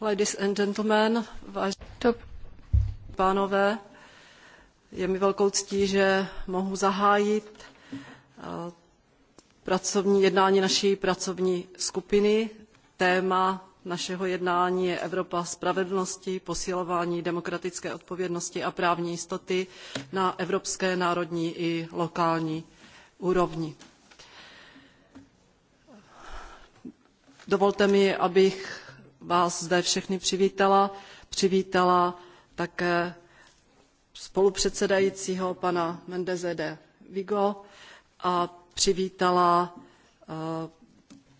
Ladies and gentlemen, vážení pánové, je mi velkou ctí, že mohu zahájit eh, pracovní jednání naší pracovní skupiny. Téma našeho jednání je Evropa spravedlnosti, posilování demokratické odpovědnosti a právní jistoty na evropské, národní i lokální úrovni. Dovolte mi, abych vás zde všechny přivítala. Přivítala také spolupředsedajícího pana Mendeze de Vigo a přivítala, eh,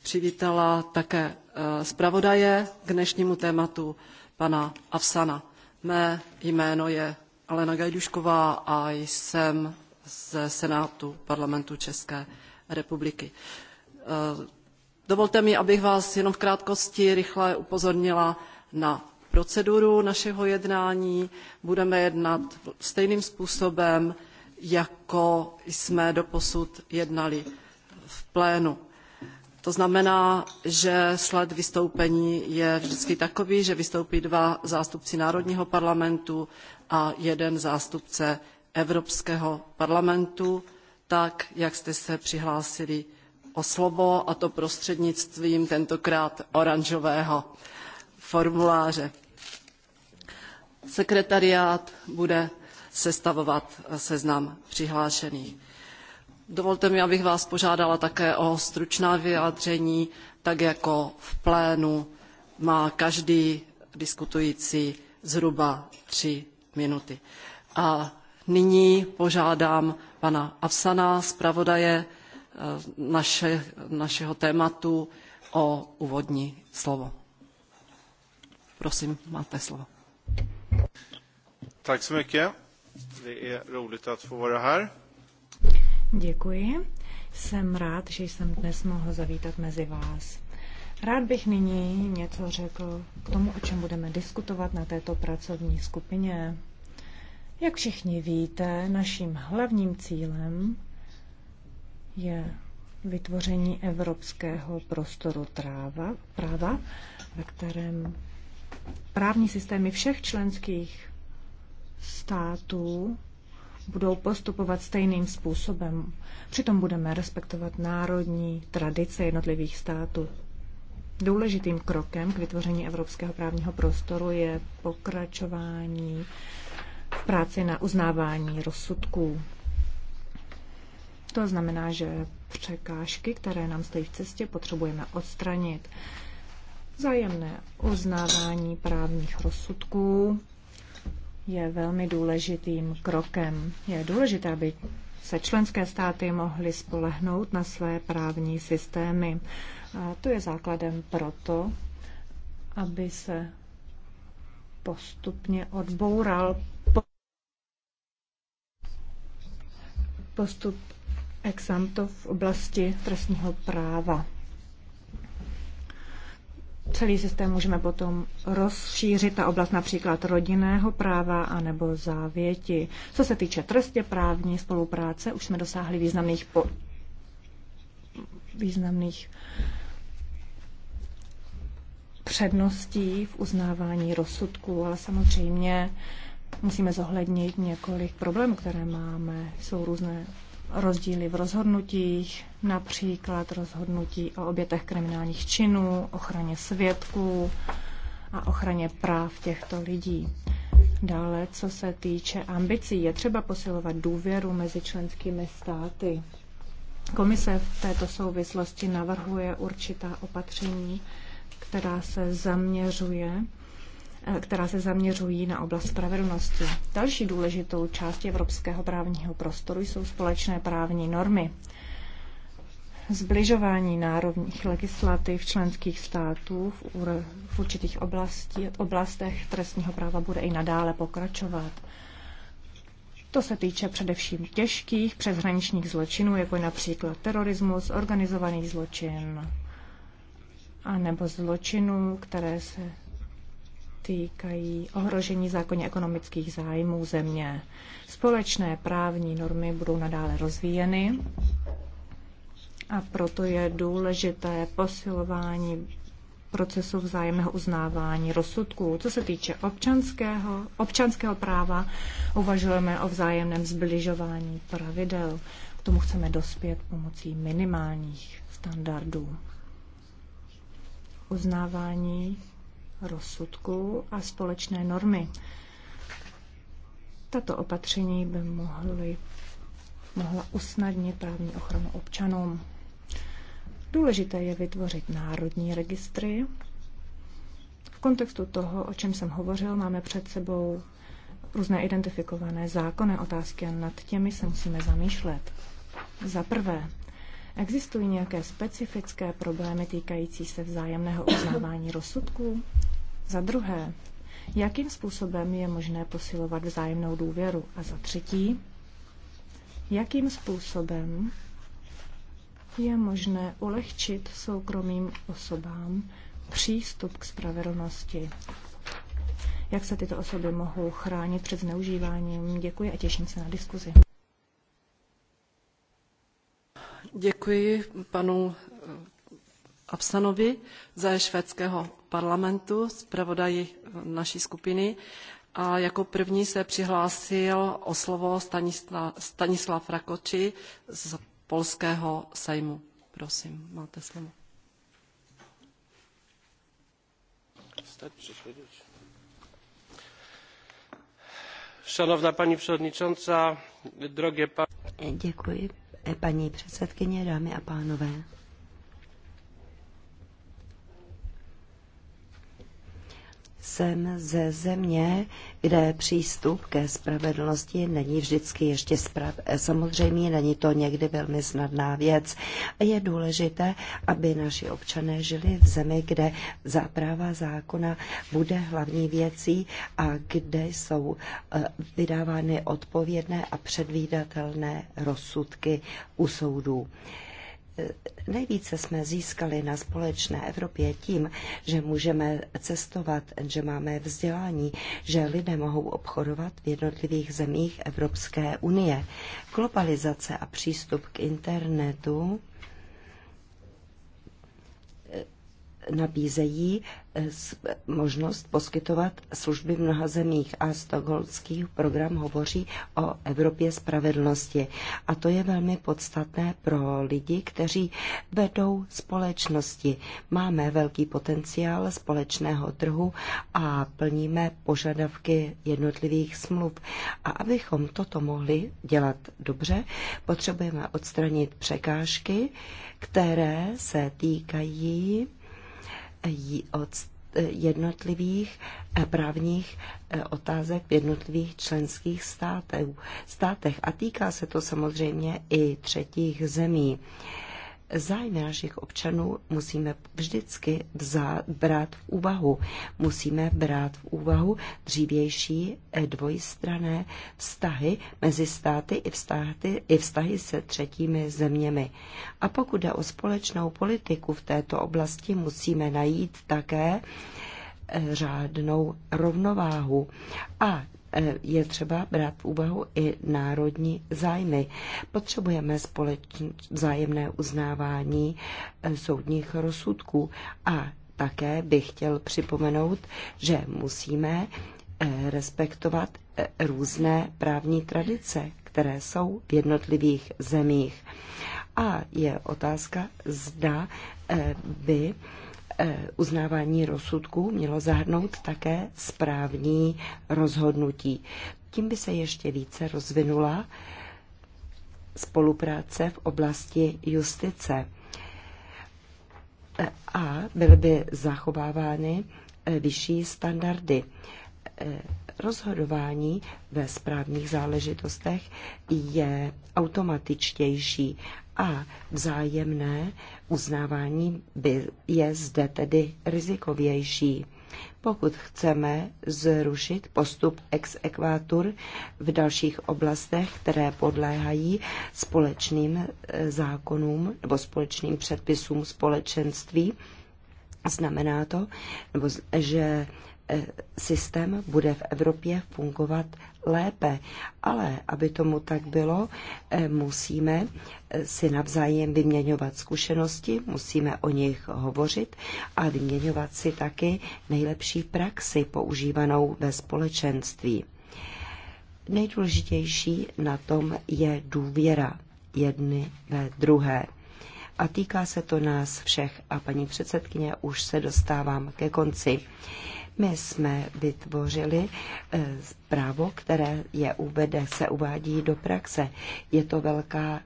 přivítala také eh, zpravodaje k dnešnímu tématu pana Avsana. Mé jméno je Alena Gajdušková a jsem ze Senátu parlamentu České republiky. Eh, Dovolte mi, abych vás jenom v krátkosti rychle upozornila na proceduru našeho jednání. Budeme jednat stejným způsobem, jako jsme doposud jednali v plénu. To znamená, že sled vystoupení je vždycky takový, že vystoupí dva zástupci Národního parlamentu a jeden zástupce Evropského parlamentu, tak, jak jste se přihlásili o slovo, a to prostřednictvím tentokrát oranžového formuláře. Sekretariát bude sestavovat seznam přihlášených. Dovolte mi, abych vás požádala také o stručná vyjádření, tak jako v plénu má každý diskutující zhruba tři minuty. A nyní požádám pana Avsana, zpravodaje Eh, naše, našeho tématu o úvodní slovo. Prosím, máte slovo. Tak se mycket. Det är roligt att få Děkuji. Jsem rád, že jsem dnes mohl zavítat mezi vás. Rád bych nyní něco řekl k tomu, o čem budeme diskutovat na této pracovní skupině. Jak všichni víte, naším hlavním cílem je vytvoření evropského prostoru tráva, práva, ve kterém právní systémy všech členských států budou postupovat stejným způsobem. Přitom budeme respektovat národní tradice jednotlivých států. Důležitým krokem k vytvoření evropského právního prostoru je pokračování v práci na uznávání rozsudků. To znamená, že překážky, které nám stojí v cestě, potřebujeme odstranit. Vzájemné uznávání právních rozsudků je velmi důležitým krokem. Je důležité, aby se členské státy mohly spolehnout na své právní systémy. A to je základem proto, aby se postupně odboural postup examto v oblasti trestního práva. Celý systém můžeme potom rozšířit, ta oblast například rodinného práva anebo závěti. Co se týče trestě právní spolupráce, už jsme dosáhli významných, po... významných předností v uznávání rozsudků, ale samozřejmě musíme zohlednit několik problémů, které máme. Jsou různé rozdíly v rozhodnutích, například rozhodnutí o obětech kriminálních činů, ochraně svědků a ochraně práv těchto lidí. Dále, co se týče ambicí, je třeba posilovat důvěru mezi členskými státy. Komise v této souvislosti navrhuje určitá opatření, která se zaměřuje která se zaměřují na oblast spravedlnosti. Další důležitou částí evropského právního prostoru jsou společné právní normy. Zbližování národních legislativ členských států v, určitých oblasti, oblastech trestního práva bude i nadále pokračovat. To se týče především těžkých přeshraničních zločinů, jako je například terorismus, organizovaný zločin, a nebo zločinů, které se týkají ohrožení zákonně ekonomických zájmů země. Společné právní normy budou nadále rozvíjeny a proto je důležité posilování procesu vzájemného uznávání rozsudků. Co se týče občanského, občanského práva, uvažujeme o vzájemném zbližování pravidel. K tomu chceme dospět pomocí minimálních standardů. Uznávání rozsudku a společné normy. Tato opatření by mohly, mohla usnadnit právní ochranu občanům. Důležité je vytvořit národní registry. V kontextu toho, o čem jsem hovořil, máme před sebou různé identifikované zákonné otázky a nad těmi se musíme zamýšlet. Za prvé, existují nějaké specifické problémy týkající se vzájemného uznávání rozsudků? Za druhé, jakým způsobem je možné posilovat vzájemnou důvěru? A za třetí, jakým způsobem je možné ulehčit soukromým osobám přístup k spravedlnosti? Jak se tyto osoby mohou chránit před zneužíváním? Děkuji a těším se na diskuzi. Děkuji panu Absanovi ze švédského parlamentu, zpravodaji naší skupiny. A jako první se přihlásil o slovo Stanislav, Stanislav Rakoči z polského sejmu. Prosím, máte slovo. Szanowna Pani Przewodnicząca, e, Pani... Děkuji, paní předsedkyně, dámy a pánové. jsem ze země, kde přístup ke spravedlnosti není vždycky ještě sprav... samozřejmě, není to někdy velmi snadná věc. Je důležité, aby naši občané žili v zemi, kde záprava zákona bude hlavní věcí a kde jsou eh, vydávány odpovědné a předvídatelné rozsudky u soudů. Nejvíce jsme získali na společné Evropě tím, že můžeme cestovat, že máme vzdělání, že lidé mohou obchodovat v jednotlivých zemích Evropské unie. Globalizace a přístup k internetu nabízejí eh, možnost poskytovat služby v mnoha zemích a stokholmský program hovoří o Evropě spravedlnosti. A to je velmi podstatné pro lidi, kteří vedou společnosti. Máme velký potenciál společného trhu a plníme požadavky jednotlivých smluv. A abychom toto mohli dělat dobře, potřebujeme odstranit překážky, které se týkají od jednotlivých eh, právních eh, otázek v jednotlivých členských státech. A týká se to samozřejmě i třetích zemí zájmy našich občanů musíme vždycky brát v úvahu. Musíme brát v úvahu dřívější eh, dvojstrané vztahy mezi státy i vztahy, i vztahy se třetími zeměmi. A pokud jde o společnou politiku v této oblasti, musíme najít také eh, řádnou rovnováhu a Eh, je třeba brát v úvahu i národní zájmy. Potřebujeme společné vzájemné uznávání eh, soudních rozsudků a také bych chtěl připomenout, že musíme eh, respektovat různé právní tradice, které jsou v jednotlivých zemích. A je otázka, zda by Eh, uznávání rozsudků mělo zahrnout také správní rozhodnutí. Tím by se ještě více rozvinula spolupráce v oblasti justice eh, a byly by zachovávány eh, vyšší standardy. Eh, rozhodování ve správních záležitostech je automatičtější a vzájemné uznávání by, je zde tedy rizikovější. Pokud chceme zrušit postup ex equatur v dalších oblastech, které podléhají společným eh, zákonům nebo společným předpisům společenství, znamená to, že systém bude v Evropě fungovat lépe. Ale aby tomu tak bylo, eh, musíme si navzájem vyměňovat zkušenosti, musíme o nich hovořit a vyměňovat si taky nejlepší praxi používanou ve společenství. Nejdůležitější na tom je důvěra jedny ve druhé a týká se to nás všech. A paní předsedkyně, už se dostávám ke konci. My jsme vytvořili eh, právo, které je uvede, se uvádí do praxe. Je to velká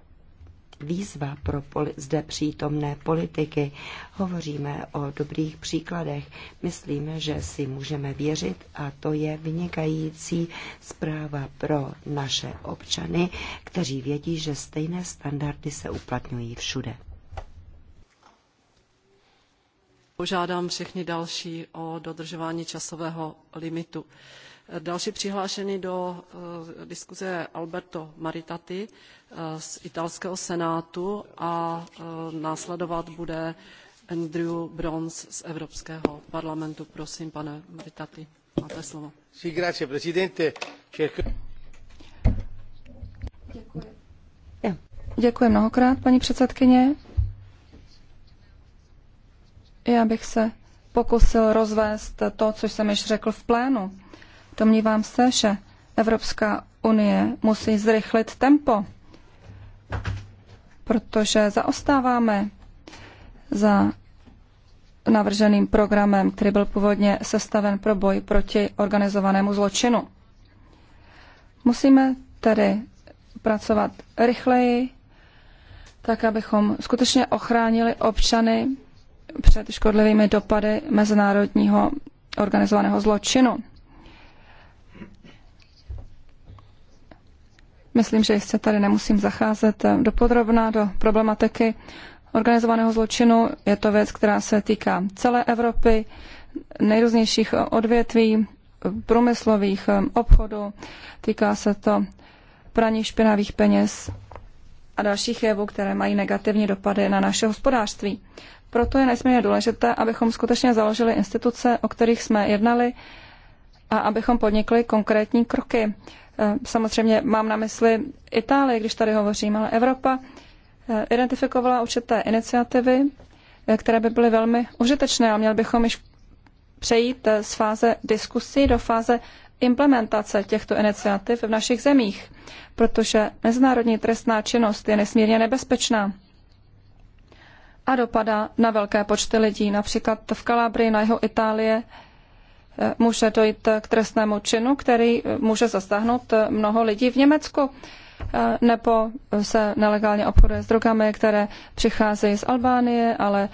výzva pro zde přítomné politiky. Hovoříme o dobrých příkladech. Myslíme, že si můžeme věřit a to je vynikající zpráva pro naše občany, kteří vědí, že stejné standardy se uplatňují všude. Požádám všechny další o dodržování časového limitu. Další přihlášený do eh, diskuze je Alberto Maritati eh, z italského senátu a eh, následovat bude Andrew Brons z Evropského parlamentu. Prosím, pane Maritati, máte slovo. Děkuji. Děkuji mnohokrát, paní předsedkyně. Já bych se pokusil rozvést to, co jsem již řekl v plénu. Domnívám se, že Evropská unie musí zrychlit tempo, protože zaostáváme za navrženým programem, který byl původně sestaven pro boj proti organizovanému zločinu. Musíme tedy pracovat rychleji, tak abychom skutečně ochránili občany před škodlivými dopady mezinárodního organizovaného zločinu. Myslím, že jistě tady nemusím zacházet eh, podrobna, do problematiky organizovaného zločinu. Je to věc, která se týká celé Evropy, nejrůznějších eh, odvětví, průmyslových eh, obchodů. Týká se to praní špinavých peněz a dalších jevů, které mají negativní dopady na naše hospodářství. Proto je nesmírně důležité, abychom skutečně založili instituce, o kterých jsme jednali a abychom podnikli konkrétní kroky. E, samozřejmě mám na mysli Itálii, když tady hovořím, ale Evropa e, identifikovala určité iniciativy, e, které by byly velmi užitečné a měli bychom již přejít z fáze diskusí do fáze implementace těchto iniciativ v našich zemích, protože mezinárodní trestná činnost je nesmírně nebezpečná a dopadá na velké počty lidí. Například v Kalábrii na jeho Itálie eh, může dojít k trestnému činu, který eh, může zasáhnout eh, mnoho lidí v Německu nebo se nelegálně obchoduje s drogami, které přicházejí z Albánie, ale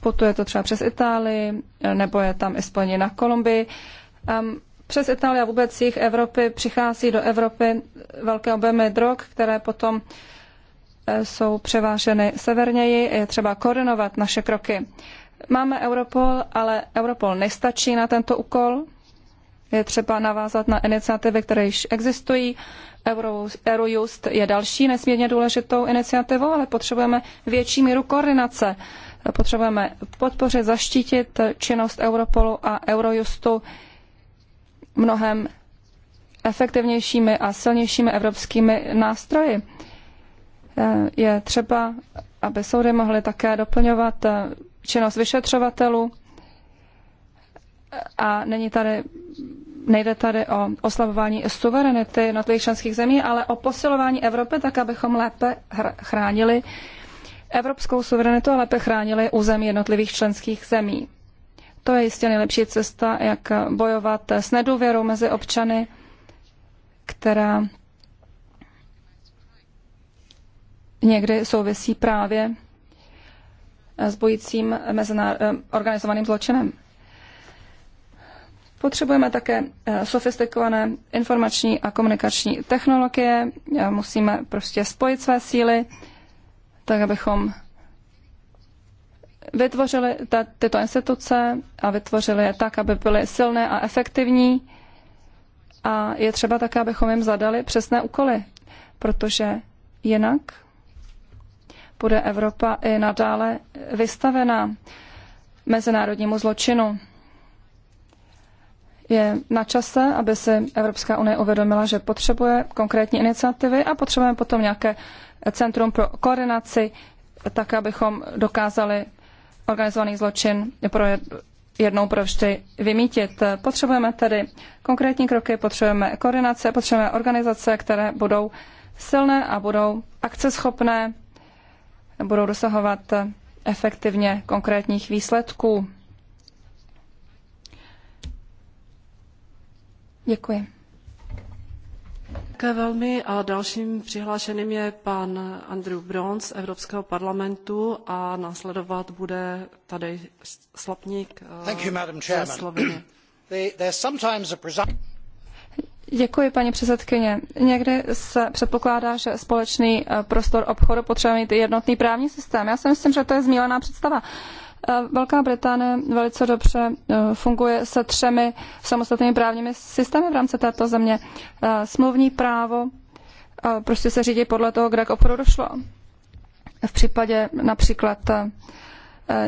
putuje to třeba přes Itálii, nebo je tam i na Kolumbii. Ehm, přes Itálii a vůbec jich Evropy přichází do Evropy velké objemy drog, které potom eh, jsou převáženy severněji. Je třeba koordinovat naše kroky. Máme Europol, ale Europol nestačí na tento úkol. Je třeba navázat na iniciativy, které již existují. Eurojust je další nesmírně důležitou iniciativou, ale potřebujeme větší míru koordinace. Potřebujeme podpořit, zaštítit činnost Europolu a Eurojustu mnohem efektivnějšími a silnějšími evropskými nástroji. Eh, je třeba, aby soudy mohly také doplňovat eh, činnost vyšetřovatelů a není tady, nejde tady o oslabování suverenity jednotlivých členských zemí, ale o posilování Evropy, tak abychom lépe chránili evropskou suverenitu a lépe chránili území jednotlivých členských zemí. To je jistě nejlepší cesta, jak bojovat s nedůvěrou mezi občany, která někdy souvisí právě s bojícím organizovaným zločinem. Potřebujeme také eh, sofistikované informační a komunikační technologie. Eh, musíme prostě spojit své síly, tak abychom vytvořili ta, tyto instituce a vytvořili je tak, aby byly silné a efektivní. A je třeba také, abychom jim zadali přesné úkoly, protože jinak bude Evropa i nadále vystavena mezinárodnímu zločinu. Je na čase, aby si Evropská unie uvědomila, že potřebuje konkrétní iniciativy a potřebujeme potom nějaké centrum pro koordinaci, tak abychom dokázali organizovaný zločin pro jednou pro vždy vymítit. Potřebujeme tedy konkrétní kroky, potřebujeme koordinace, potřebujeme organizace, které budou silné a budou akceschopné, budou dosahovat efektivně konkrétních výsledků. Děkuji. Také velmi a dalším přihlášeným je pan Andrew Brown z Evropského parlamentu a následovat bude tady Slapník eh, ze Slovenie. Děkuji, paní předsedkyně. Někdy se předpokládá, že společný eh, prostor obchodu potřebuje mít jednotný právní systém. Já si myslím, že to je zmílená představa. Uh, Velká Británie velice dobře e, funguje se třemi samostatnými právními systémy v rámci této země. E, smluvní právo e, prostě se řídí podle toho, kde k obchodu došlo. V případě například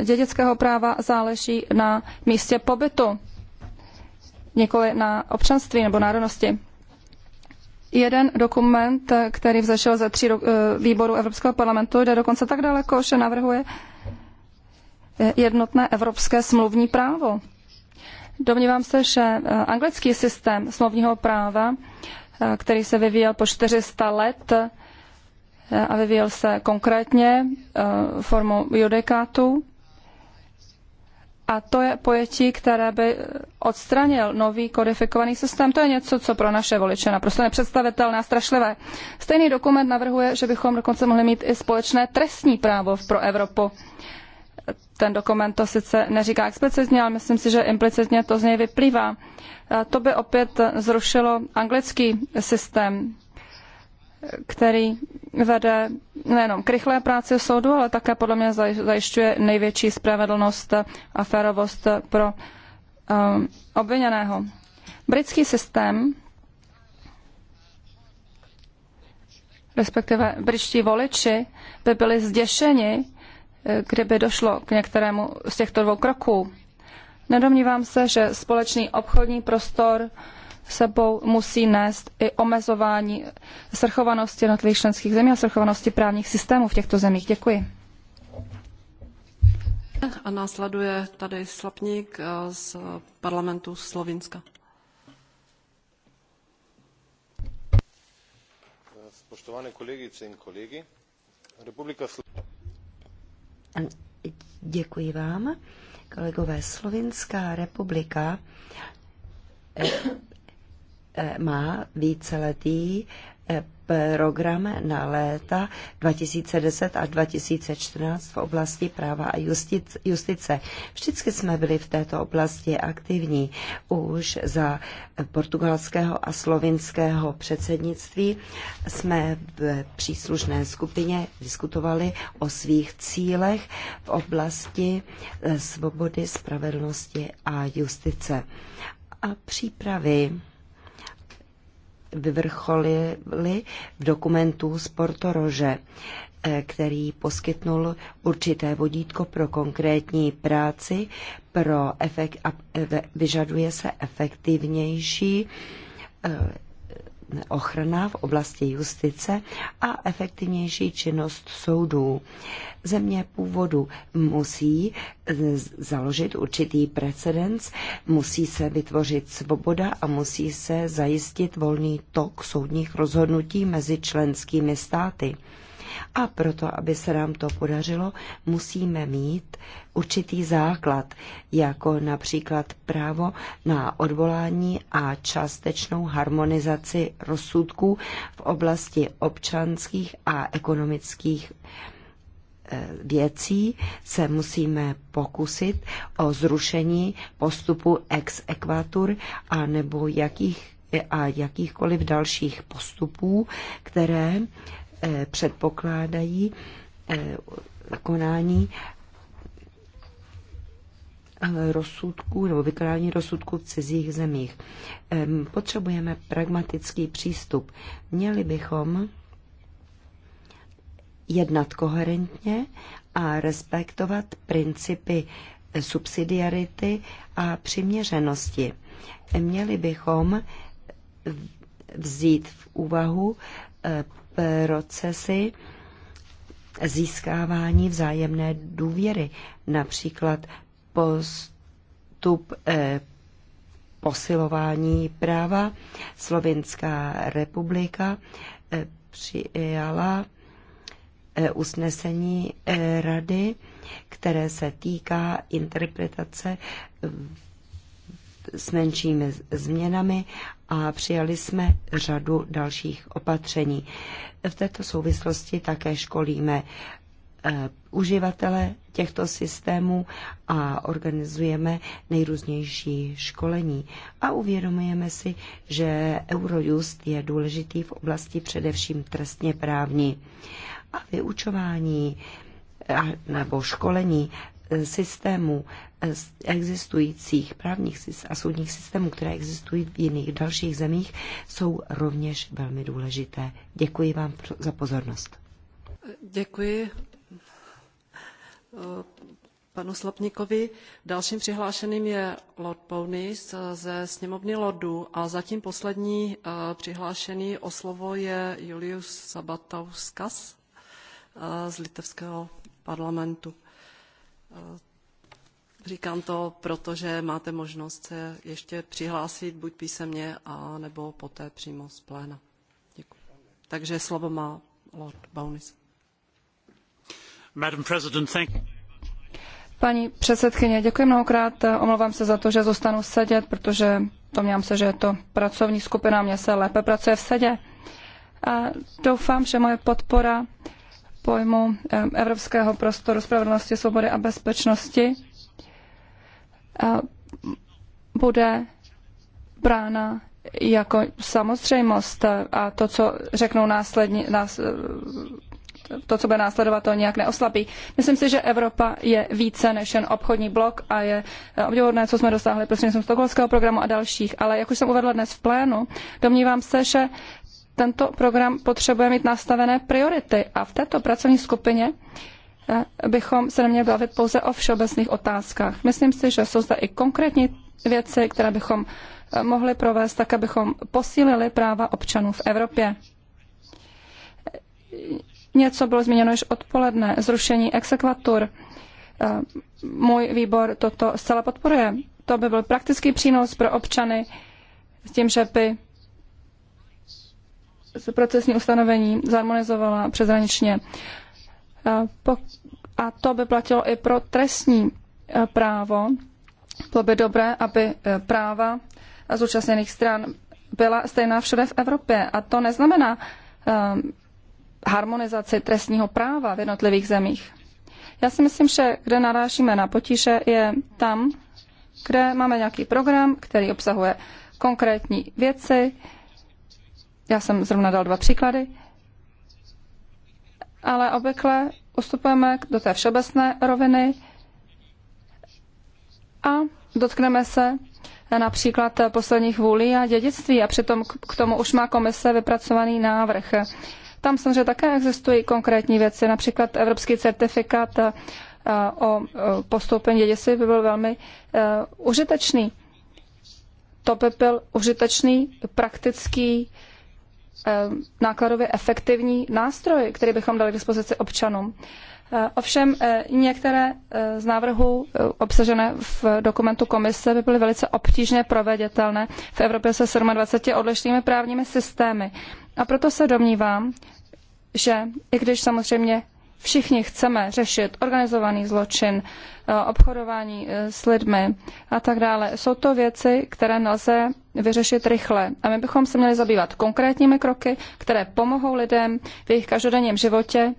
dědického práva záleží na místě pobytu, nikoli na občanství nebo národnosti. Jeden dokument, který vzešel ze tří výborů Evropského parlamentu, jde dokonce tak daleko, že navrhuje jednotné evropské smluvní právo. Domnívám se, že eh, anglický systém smluvního práva, eh, který se vyvíjel po 400 let eh, a vyvíjel se konkrétně formou judikátu, a to je pojetí, které by odstranil nový kodifikovaný systém. To je něco, co pro naše voliče naprosto nepředstavitelné a strašlivé. Stejný dokument navrhuje, že bychom dokonce mohli mít i společné trestní právo pro Evropu. Ten dokument to sice neříká explicitně, ale myslím si, že implicitně to z něj vyplývá. To by opět zrušilo anglický systém, který vede nejenom k rychlé práci soudu, ale také podle mě zajišťuje největší spravedlnost a férovost pro um, obviněného. Britský systém, respektive britští voliči, by byli zděšeni kdyby došlo k některému z těchto dvou kroků. Nedomnívám se, že společný obchodní prostor sebou musí nést i omezování svrchovanosti jednotlivých členských zemí a svrchovanosti právních systémů v těchto zemích. Děkuji. A následuje tady Slapník eh, z parlamentu Slovinska. Spoštovane kolegice in kolegi, Republika Slovenija Děkuji vám. Kolegové, Slovinská republika eh, eh, má víceletý eh, program na léta 2010 až 2014 v oblasti práva a justice. Vždycky jsme byli v této oblasti aktivní. Už za portugalského a slovinského předsednictví jsme v příslušné skupině diskutovali o svých cílech v oblasti eh, svobody, spravedlnosti a justice a přípravy vyvrcholily v dokumentu z Portorože, eh, který poskytnul určité vodítko pro konkrétní práci, pro efekt, a vyžaduje se efektivnější eh, ochrana v oblasti justice a efektivnější činnost soudů. Země původu musí eh, založit určitý precedens, musí se vytvořit svoboda a musí se zajistit volný tok soudních rozhodnutí mezi členskými státy. A proto, aby se nám to podařilo, musíme mít určitý základ, jako například právo na odvolání a částečnou harmonizaci rozsudků v oblasti občanských a ekonomických eh, věcí se musíme pokusit o zrušení postupu ex equatur a nebo jakých, a jakýchkoliv dalších postupů, které E, předpokládají e, konání e, rozsudků nebo vykonání rozsudků v cizích zemích. Potřebujeme pragmatický přístup. Měli bychom jednat koherentně a respektovat principy subsidiarity a přiměřenosti. Měli bychom vzít v úvahu procesy získávání vzájemné důvěry, například postup eh, posilování práva. Slovinská republika eh, přijala eh, usnesení rady, které se týká interpretace s menšími změnami a přijali jsme řadu dalších opatření. V této souvislosti také školíme eh, uživatele těchto systémů a organizujeme nejrůznější školení. A uvědomujeme si, že Eurojust je důležitý v oblasti především trestně právní. A vyučování eh, nebo školení systémů eh, existujících právních a soudních systémů, které existují v jiných dalších zemích, jsou rovněž velmi důležité. Děkuji vám za pozornost. Děkuji eh, panu Slopníkovi. Dalším přihlášeným je Lord Pony ze sněmovny Lordů a zatím poslední eh, přihlášený o slovo je Julius Sabatauskas z litevského parlamentu. Eh, říkám to, protože máte možnost se ještě přihlásit buď písemně, a nebo poté přímo z pléna. Děkuji. Takže slovo má Lord Baunis. Madam President, thank you. Paní předsedkyně, děkuji mnohokrát. Omlouvám se za to, že zůstanu sedět, protože domnívám se, že je to pracovní skupina, mě se lépe pracuje v sedě. A doufám, že moje podpora pojmu Evropského prostoru spravedlnosti, svobody a bezpečnosti bude brána jako samozřejmost a to, co řeknou následně, nás, to, co bude následovat, to nějak neoslabí. Myslím si, že Evropa je více než jen obchodní blok a je eh, obdivodné, co jsme dosáhli prostřednictvím stokholmského programu a dalších. Ale jak už jsem uvedla dnes v plénu, domnívám se, že tento program potřebuje mít nastavené priority a v této pracovní skupině eh, bychom se neměli bavit pouze o všeobecných otázkách. Myslím si, že jsou zde i konkrétní věci, které bychom eh, mohli provést tak, abychom posílili práva občanů v Evropě. Něco bylo zmíněno již odpoledne, zrušení exekvatur. Eh, můj výbor toto zcela podporuje. To by byl praktický přínos pro občany s tím, že by procesní ustanovení zharmonizovala přezraničně. A to by platilo i pro trestní e, právo. Bylo by dobré, aby e, práva zúčastněných stran byla stejná všude v Evropě. A to neznamená e, harmonizaci trestního práva v jednotlivých zemích. Já si myslím, že kde narážíme na potíže, je tam, kde máme nějaký program, který obsahuje konkrétní věci, já jsem zrovna dal dva příklady, ale obvykle ustupujeme do té všeobecné roviny a dotkneme se například posledních vůlí a dědictví a přitom k tomu už má komise vypracovaný návrh. Tam samozřejmě také existují konkrétní věci, například evropský certifikát eh, o eh, postoupení dědictví by byl velmi eh, užitečný. To by byl užitečný praktický Eh, nákladově efektivní nástroj, který bychom dali k dispozici občanům. Eh, ovšem eh, některé z návrhů obsažené v dokumentu komise by byly velice obtížně proveditelné v Evropě se 27 odlišnými právními systémy. A proto se domnívám, že i když samozřejmě Všichni chceme řešit organizovaný zločin, eh, obchodování eh, s lidmi a tak dále. Jsou to věci, které nelze vyřešit rychle. A my bychom se měli zabývat konkrétními kroky, které pomohou lidem v jejich každodenním životě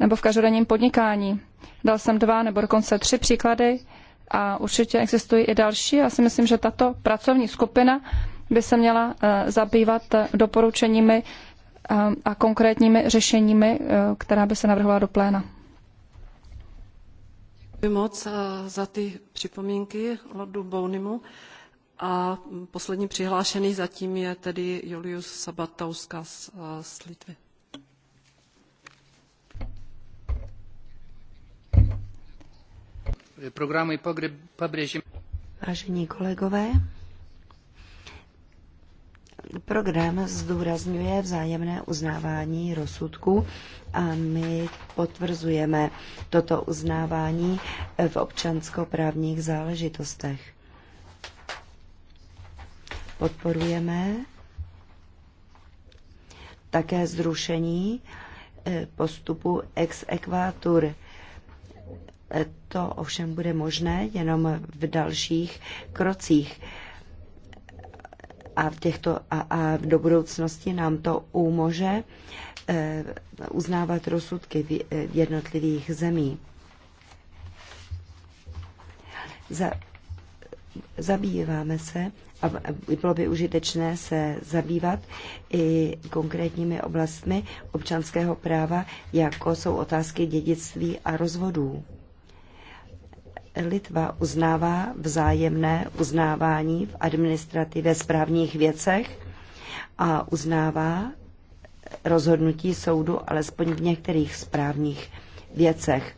nebo v každodenním podnikání. Dal jsem dva nebo dokonce tři příklady a určitě existují i další. Já si myslím, že tato pracovní skupina by se měla eh, zabývat doporučeními Ehm, a konkrétními řešeními, eh, která by se navrhovala do pléna. Děkuji moc eh, za ty připomínky Lordu Bounimu. A poslední přihlášený zatím je tedy Julius Sabatauska eh, z Litvy. Programy pabrěží. Vážení kolegové, Program zdůrazňuje vzájemné uznávání rozsudků a my potvrzujeme toto uznávání v občanskoprávních záležitostech. Podporujeme také zrušení eh, postupu ex equatur. Eh, to ovšem bude možné jenom v dalších krocích a, v těchto, a, a do budoucnosti nám to umože eh, uznávat rozsudky v jednotlivých zemí. Za, zabýváme se a bylo by užitečné se zabývat i konkrétními oblastmi občanského práva, jako jsou otázky dědictví a rozvodů. Litva uznává vzájemné uznávání v administrativě správních věcech a uznává rozhodnutí soudu alespoň v některých správních věcech.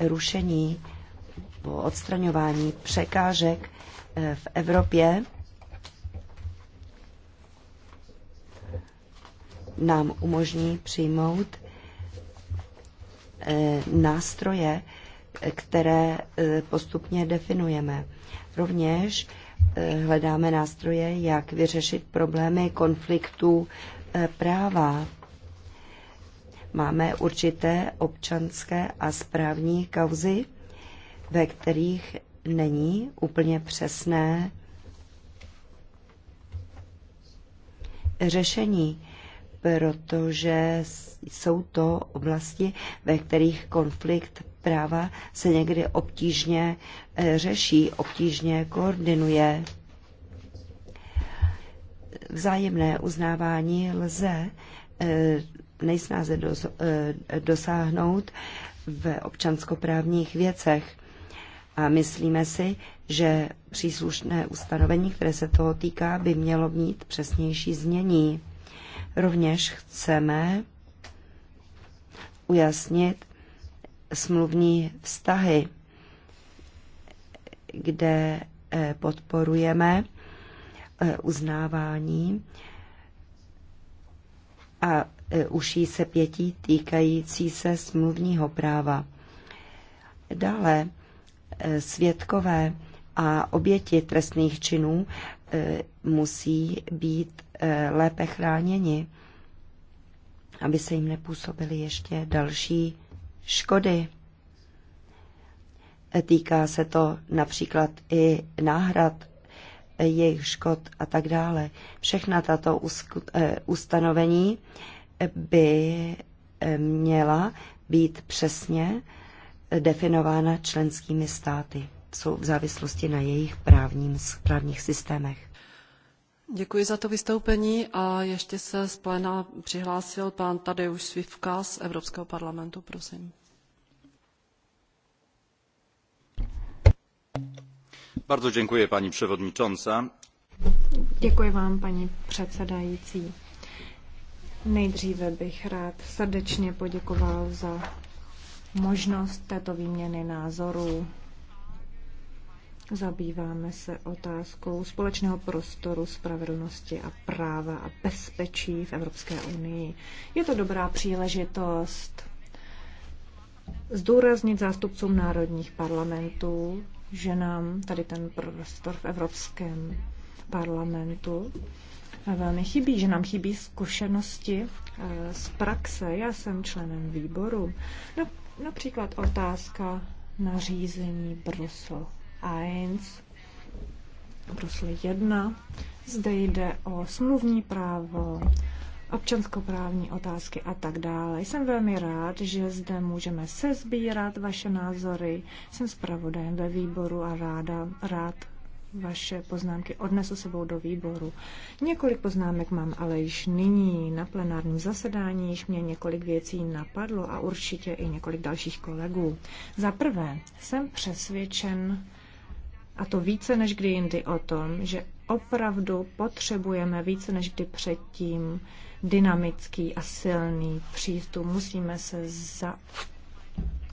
Rušení po odstraňování překážek eh, v Evropě nám umožní přijmout eh, nástroje, které eh, postupně definujeme. Rovněž eh, hledáme nástroje, jak vyřešit problémy konfliktů práva. Máme určité občanské a správní kauzy, ve kterých není úplně přesné řešení protože jsou to oblasti, ve kterých konflikt práva se někdy obtížně eh, řeší, obtížně koordinuje. Vzájemné uznávání lze eh, nejsnáze eh, dosáhnout v občanskoprávních věcech. A myslíme si, že příslušné ustanovení, které se toho týká, by mělo mít přesnější znění. Rovněž chceme ujasnit smluvní vztahy, kde eh, podporujeme eh, uznávání a eh, uší se pětí týkající se smluvního práva. Dále svědkové a oběti trestných činů musí být Eh, lépe chráněni, aby se jim nepůsobily ještě další škody. Týká se to například i náhrad jejich škod a tak dále. Všechna tato eh, ustanovení by eh, měla být přesně definována členskými státy jsou v závislosti na jejich právním, právních systémech. Děkuji za to vystoupení a ještě se z pléna přihlásil pan Tadeusz Svivka z Evropského parlamentu, prosím. Bardzo dziękuję pani przewodnicząca. Děkuji vám, paní předsedající. Nejdříve bych rád srdečně poděkoval za možnost této výměny názorů Zabýváme se otázkou společného prostoru spravedlnosti a práva a bezpečí v Evropské unii. Je to dobrá příležitost zdůraznit zástupcům národních parlamentů, že nám tady ten prostor v Evropském parlamentu velmi chybí, že nám chybí zkušenosti eh, z praxe. Já jsem členem výboru. Například otázka nařízení Brusel 1, Brusle jedna. Zde jde o smluvní právo, občanskoprávní otázky a tak dále. Jsem velmi rád, že zde můžeme sezbírat vaše názory. Jsem zpravodajem ve výboru a ráda, rád vaše poznámky odnesu sebou do výboru. Několik poznámek mám ale již nyní na plenárním zasedání, již mě několik věcí napadlo a určitě i několik dalších kolegů. Za prvé, jsem přesvědčen, a to více než kdy jindy o tom, že opravdu potřebujeme více než kdy předtím dynamický a silný přístup. Musíme se za,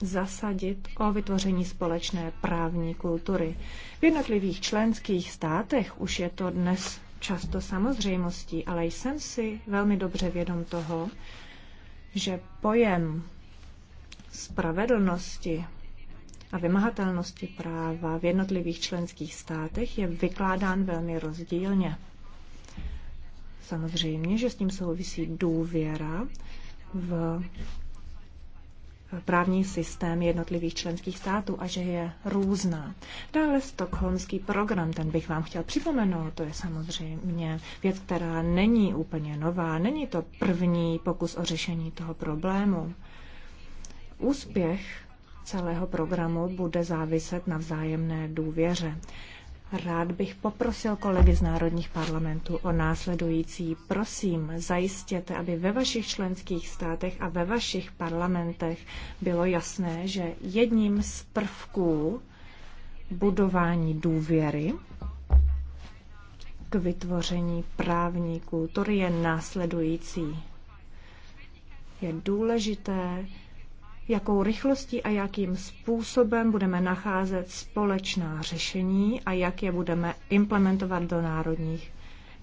zasadit o vytvoření společné právní kultury. V jednotlivých členských státech už je to dnes často samozřejmostí, ale jsem si velmi dobře vědom toho, že pojem spravedlnosti a vymahatelnosti práva v jednotlivých členských státech je vykládán velmi rozdílně. Samozřejmě, že s tím souvisí důvěra v právní systém jednotlivých členských států a že je různá. Dále stokholmský program, ten bych vám chtěl připomenout, to je samozřejmě věc, která není úplně nová, není to první pokus o řešení toho problému. Úspěch celého programu bude záviset na vzájemné důvěře. Rád bych poprosil kolegy z národních parlamentů o následující. Prosím, zajistěte, aby ve vašich členských státech a ve vašich parlamentech bylo jasné, že jedním z prvků budování důvěry k vytvoření právní kultury je následující. Je důležité jakou rychlostí a jakým způsobem budeme nacházet společná řešení a jak je budeme implementovat do národních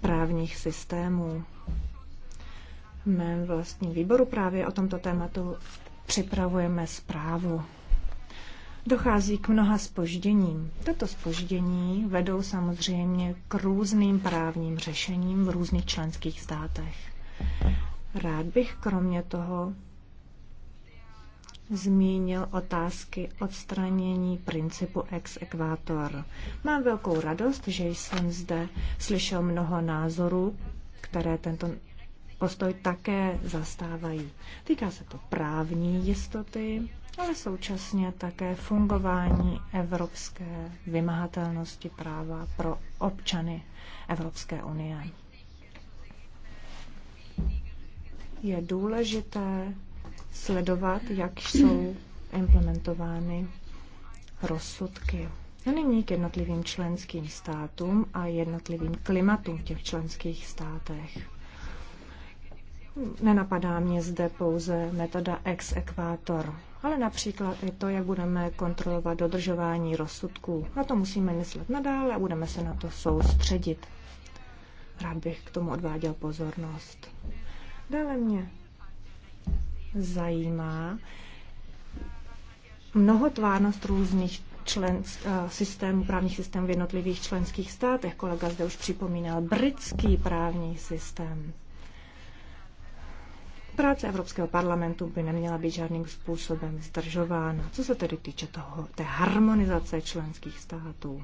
právních systémů. V mém vlastním výboru právě o tomto tématu připravujeme zprávu. Dochází k mnoha spožděním. Tato spoždění vedou samozřejmě k různým právním řešením v různých členských státech. Rád bych kromě toho zmínil otázky odstranění principu ex equator. Mám velkou radost, že jsem zde slyšel mnoho názorů, které tento postoj také zastávají. Týká se to právní jistoty, ale současně také fungování evropské vymahatelnosti práva pro občany Evropské unie. Je důležité sledovat, jak jsou implementovány rozsudky. A nyní k jednotlivým členským státům a jednotlivým klimatům v těch členských státech. Nenapadá mě zde pouze metoda ex equator, ale například i to, jak budeme kontrolovat dodržování rozsudků. Na to musíme myslet nadále a budeme se na to soustředit. Rád bych k tomu odváděl pozornost. Dále mě zajímá mnohotvárnost různých člen, eh, systémů, právních systémů v jednotlivých členských státech. Kolega zde už připomínal britský právní systém. Práce Evropského parlamentu by neměla být žádným způsobem zdržována, co se tedy týče toho, té harmonizace členských států.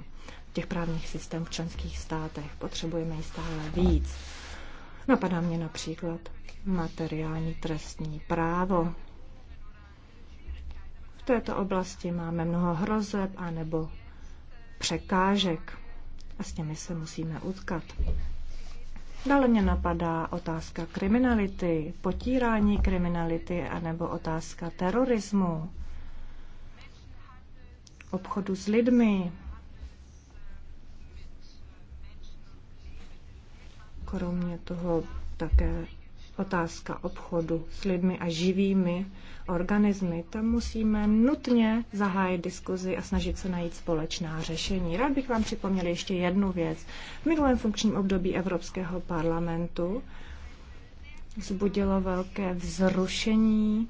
Těch právních systémů v členských státech potřebujeme ji stále víc. Napadá mě například materiální trestní právo. V této oblasti máme mnoho hrozeb anebo překážek a s těmi se musíme utkat. Dále mě napadá otázka kriminality, potírání kriminality anebo otázka terorismu, obchodu s lidmi, kromě toho také otázka obchodu s lidmi a živými organismy. Tam musíme nutně zahájit diskuzi a snažit se najít společná řešení. Rád bych vám připomněl ještě jednu věc. V minulém funkčním období Evropského parlamentu vzbudilo velké vzrušení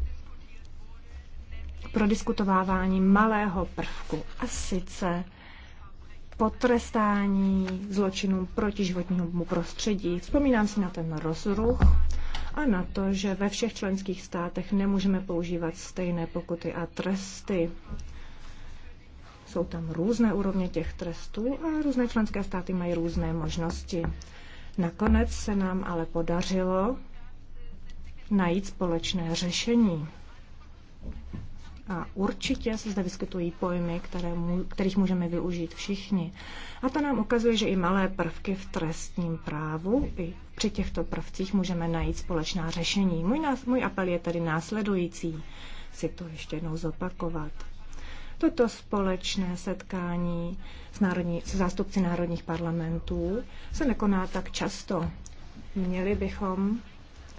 pro diskutovávání malého prvku a sice potrestání zločinů proti životnímu prostředí. Vzpomínám si na ten rozruch a na to, že ve všech členských státech nemůžeme používat stejné pokuty a tresty. Jsou tam různé úrovně těch trestů a různé členské státy mají různé možnosti. Nakonec se nám ale podařilo najít společné řešení. A určitě se zde vyskytují pojmy, které mu, kterých můžeme využít všichni. A to nám ukazuje, že i malé prvky v trestním právu, i při těchto prvcích můžeme najít společná řešení. Můj, nás, můj apel je tedy následující. Si to ještě jednou zopakovat. Toto společné setkání s, národní, s zástupci národních parlamentů se nekoná tak často. Měli bychom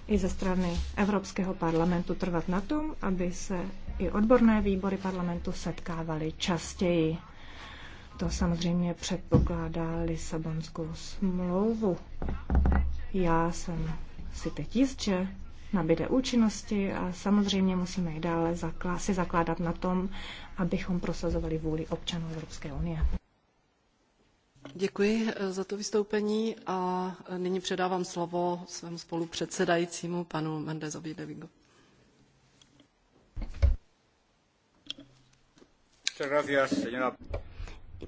i ze strany Evropského parlamentu trvat na tom, aby se i odborné výbory parlamentu setkávaly častěji. To samozřejmě předpokládá Lisabonskou smlouvu. Já jsem si teď jist, že nabide účinnosti a samozřejmě musíme i dále si zakládat na tom, abychom prosazovali vůli občanů Evropské unie. Děkuji eh, za to vystoupení a eh, nyní předávám slovo svému spolupředsedajícímu panu Mendezovi de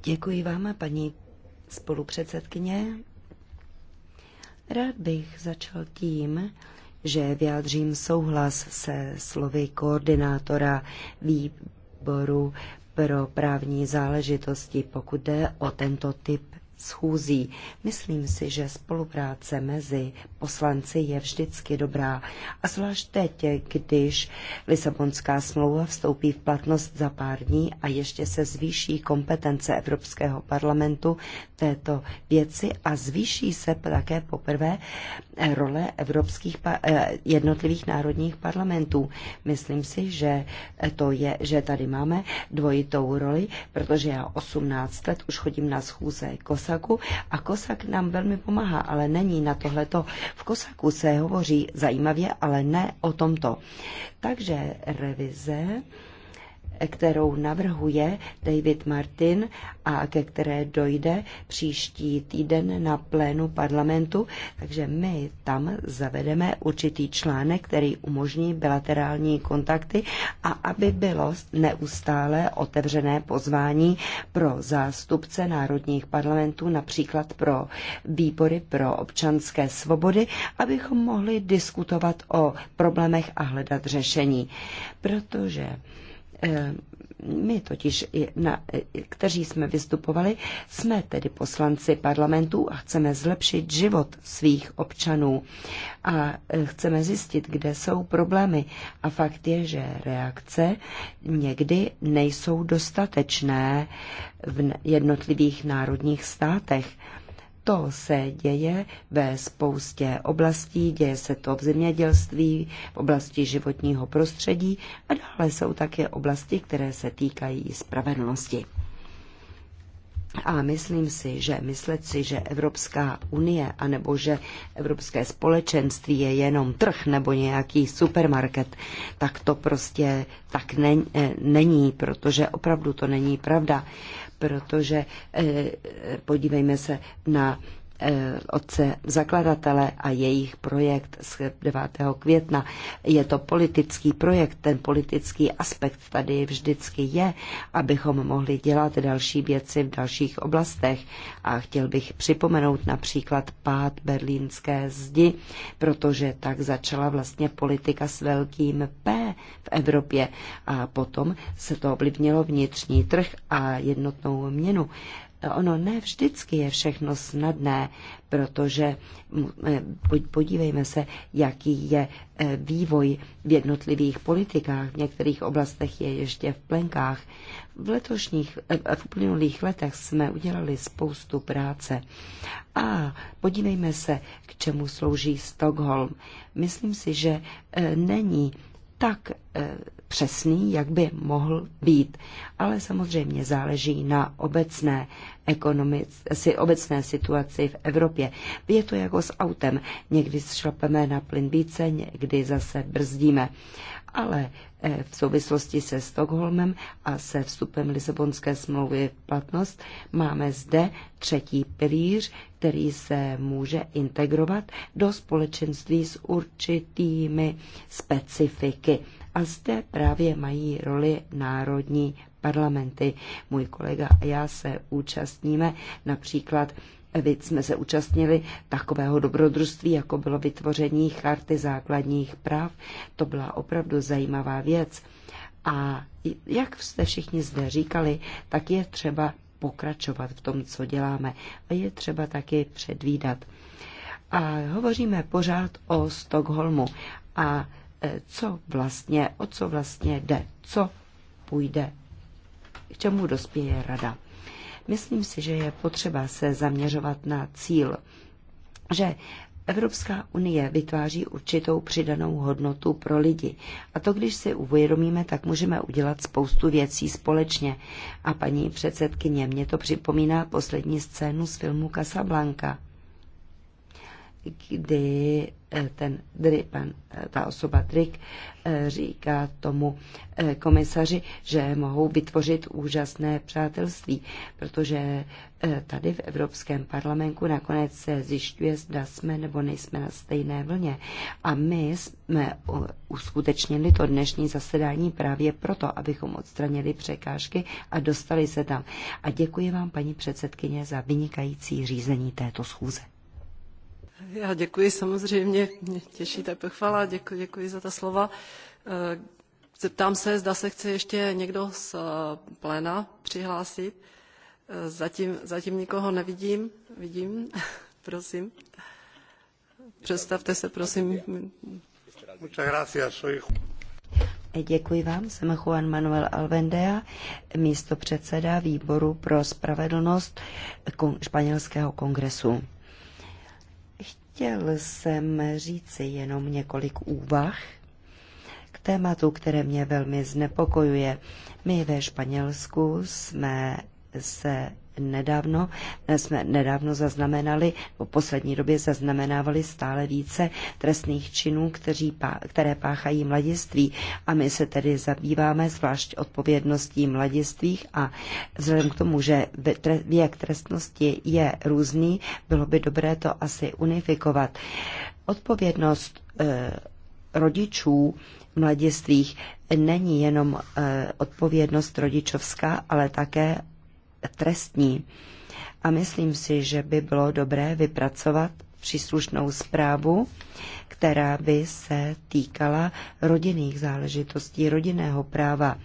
Děkuji vám, paní spolupředsedkyně. Rád bych začal tím, že vyjádřím souhlas se slovy koordinátora výboru pro právní záležitosti, pokud jde o tento typ schůzí. Myslím si, že spolupráce mezi poslanci je vždycky dobrá. A zvlášť teď, když Lisabonská smlouva vstoupí v platnost za pár dní a ještě se zvýší kompetence Evropského parlamentu této věci a zvýší se také poprvé role evropských eh, jednotlivých národních parlamentů. Myslím si, že to je, že tady máme dvojitou roli, protože já 18 let už chodím na schůze KOSE Kosaku a Kosak nám velmi pomáhá, ale není na tohleto. V Kosaku se hovoří zajímavě, ale ne o tomto. Takže revize kterou navrhuje David Martin a ke které dojde příští týden na plénu parlamentu. Takže my tam zavedeme určitý článek, který umožní bilaterální kontakty a aby bylo neustále otevřené pozvání pro zástupce národních parlamentů, například pro výbory pro občanské svobody, abychom mohli diskutovat o problémech a hledat řešení. Protože Eh, my totiž, na, eh, kteří jsme vystupovali, jsme tedy poslanci parlamentu a chceme zlepšit život svých občanů a eh, chceme zjistit, kde jsou problémy. A fakt je, že reakce někdy nejsou dostatečné v jednotlivých národních státech. To se děje ve spoustě oblastí, děje se to v zemědělství, v oblasti životního prostředí a dále jsou také oblasti, které se týkají spravedlnosti. A myslím si, že myslet si, že Evropská unie anebo že Evropské společenství je jenom trh nebo nějaký supermarket, tak to prostě tak není, protože opravdu to není pravda protože eh, podívejme se na Eh, otce zakladatele a jejich projekt z 9. května. Je to politický projekt, ten politický aspekt tady vždycky je, abychom mohli dělat další věci v dalších oblastech. A chtěl bych připomenout například pád berlínské zdi, protože tak začala vlastně politika s velkým P v Evropě a potom se to ovlivnilo vnitřní trh a jednotnou měnu ono ne vždycky je všechno snadné, protože mm, eh, podívejme se, jaký je eh, vývoj v jednotlivých politikách. V některých oblastech je ještě v plenkách. V letošních, eh, v uplynulých letech jsme udělali spoustu práce. A podívejme se, k čemu slouží Stockholm. Myslím si, že není tak přesný, jak by mohl být. Ale samozřejmě záleží na obecné, ekonomici, obecné situaci v Evropě. Je to jako s autem. Někdy šlapeme na plyn více, někdy zase brzdíme. Ale eh, v souvislosti se Stockholmem a se vstupem Lisabonské smlouvy v platnost máme zde třetí pilíř, který se může integrovat do společenství s určitými specifiky a zde právě mají roli národní parlamenty. Můj kolega a já se účastníme například eh, jsme se účastnili takového dobrodružství, jako bylo vytvoření charty základních práv. To byla opravdu zajímavá věc. A jak jste všichni zde říkali, tak je třeba pokračovat v tom, co děláme. A je třeba taky předvídat. A hovoříme pořád o Stockholmu. A Eh, co vlastně, o co vlastně jde, co půjde, k čemu dospěje rada. Myslím si, že je potřeba se zaměřovat na cíl, že Evropská unie vytváří určitou přidanou hodnotu pro lidi. A to, když si uvědomíme, tak můžeme udělat spoustu věcí společně. A paní předsedkyně, mě to připomíná poslední scénu z filmu Casablanca kdy eh, ten pan, eh, ta osoba Trik eh, říká tomu komisaři, že mohou vytvořit úžasné přátelství, protože tady v Evropském parlamentu nakonec se zjišťuje, zda jsme nebo nejsme na stejné vlně. A my jsme uskutečnili to dnešní zasedání právě proto, abychom odstranili překážky a dostali se tam. A děkuji vám, paní předsedkyně, za vynikající řízení této schůze. Já děkuji samozřejmě, mě těší ta pochvala, děkuji, děkuji za ta slova. Eh, zeptám se, zda se chce ještě někdo z eh, pléna přihlásit. Eh, zatím, zatím nikoho nevidím. Vidím, prosím. Představte se, prosím. Děkuji vám, jsem Juan Manuel Alvendea, místo předseda výboru pro spravedlnost španělského kongresu. Chtěl jsem říci jenom několik úvah k tématu, které mě velmi znepokojuje. My ve Španělsku jsme se nedávno, eh, jsme nedávno zaznamenali, v poslední době zaznamenávali stále více trestných činů, kteří, které páchají mladiství. A my se tedy zabýváme zvlášť odpovědností mladistvých a vzhledem k tomu, že věk trestnosti je různý, bylo by dobré to asi unifikovat. Odpovědnost eh, rodičů mladistvých není jenom eh, odpovědnost rodičovská, ale také trestní. A myslím si, že by bylo dobré vypracovat příslušnou zprávu, která by se týkala rodinných záležitostí, rodinného práva.